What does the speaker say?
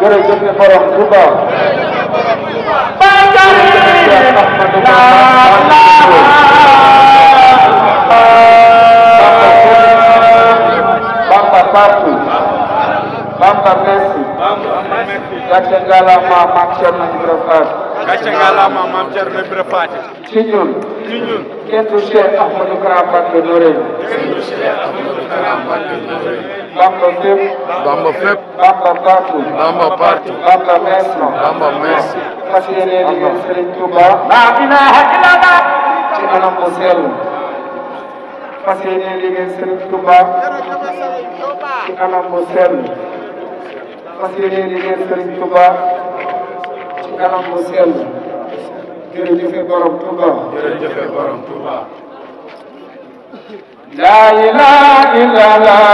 Gerejeknya orang Subang. Bamba Papu, Bamba Messi, Kacenggala Mamak Sherman Ibrafat, Kacenggala Mamak Sherman Ibrafat, kita Cinyun, Kentu Syekh Ahmad Kerabat kita Kentu Syekh Ahmad Kerabat Benore, Bamba fépp. Bamba fépp. Bamba partout. Bamba partout. Bamba maintenant. Bamba merci. fas yéene liggéey Serigne Touba. laa ilaaha illallah. ci anam bu sell. fas yéene liggéey Serigne Touba. ci anam bu sell. fas yéene liggéey Serigne Touba. ci anam bu sell. jërëjëf borom Touba. jërëjëf borom Touba. laa ilaaha illallah.